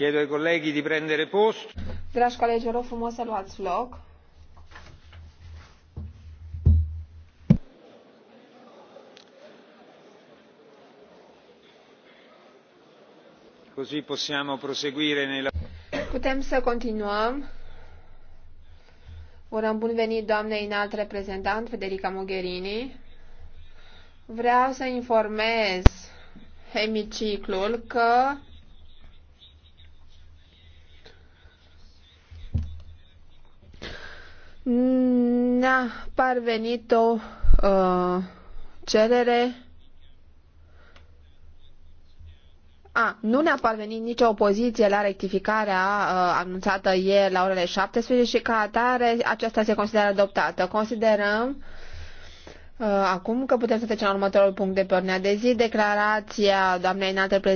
Chiedo ai colleghi di prendere posto. Dragi colegi, rog frumos să luați loc. Così possiamo proseguire nei Putem să continuăm. Urăm bun venit doamnei înalt reprezentant, Federica Mogherini. Vreau să informez hemiciclul că mi-a parvenit o uh, cerere. A, nu ne-a parvenit nicio opoziție la rectificarea uh, anunțată ieri la orele 17 și ca atare aceasta se consideră adoptată. Considerăm uh, acum că putem să trecem la următorul punct de pe ordinea de zi, declarația doamnei înaltă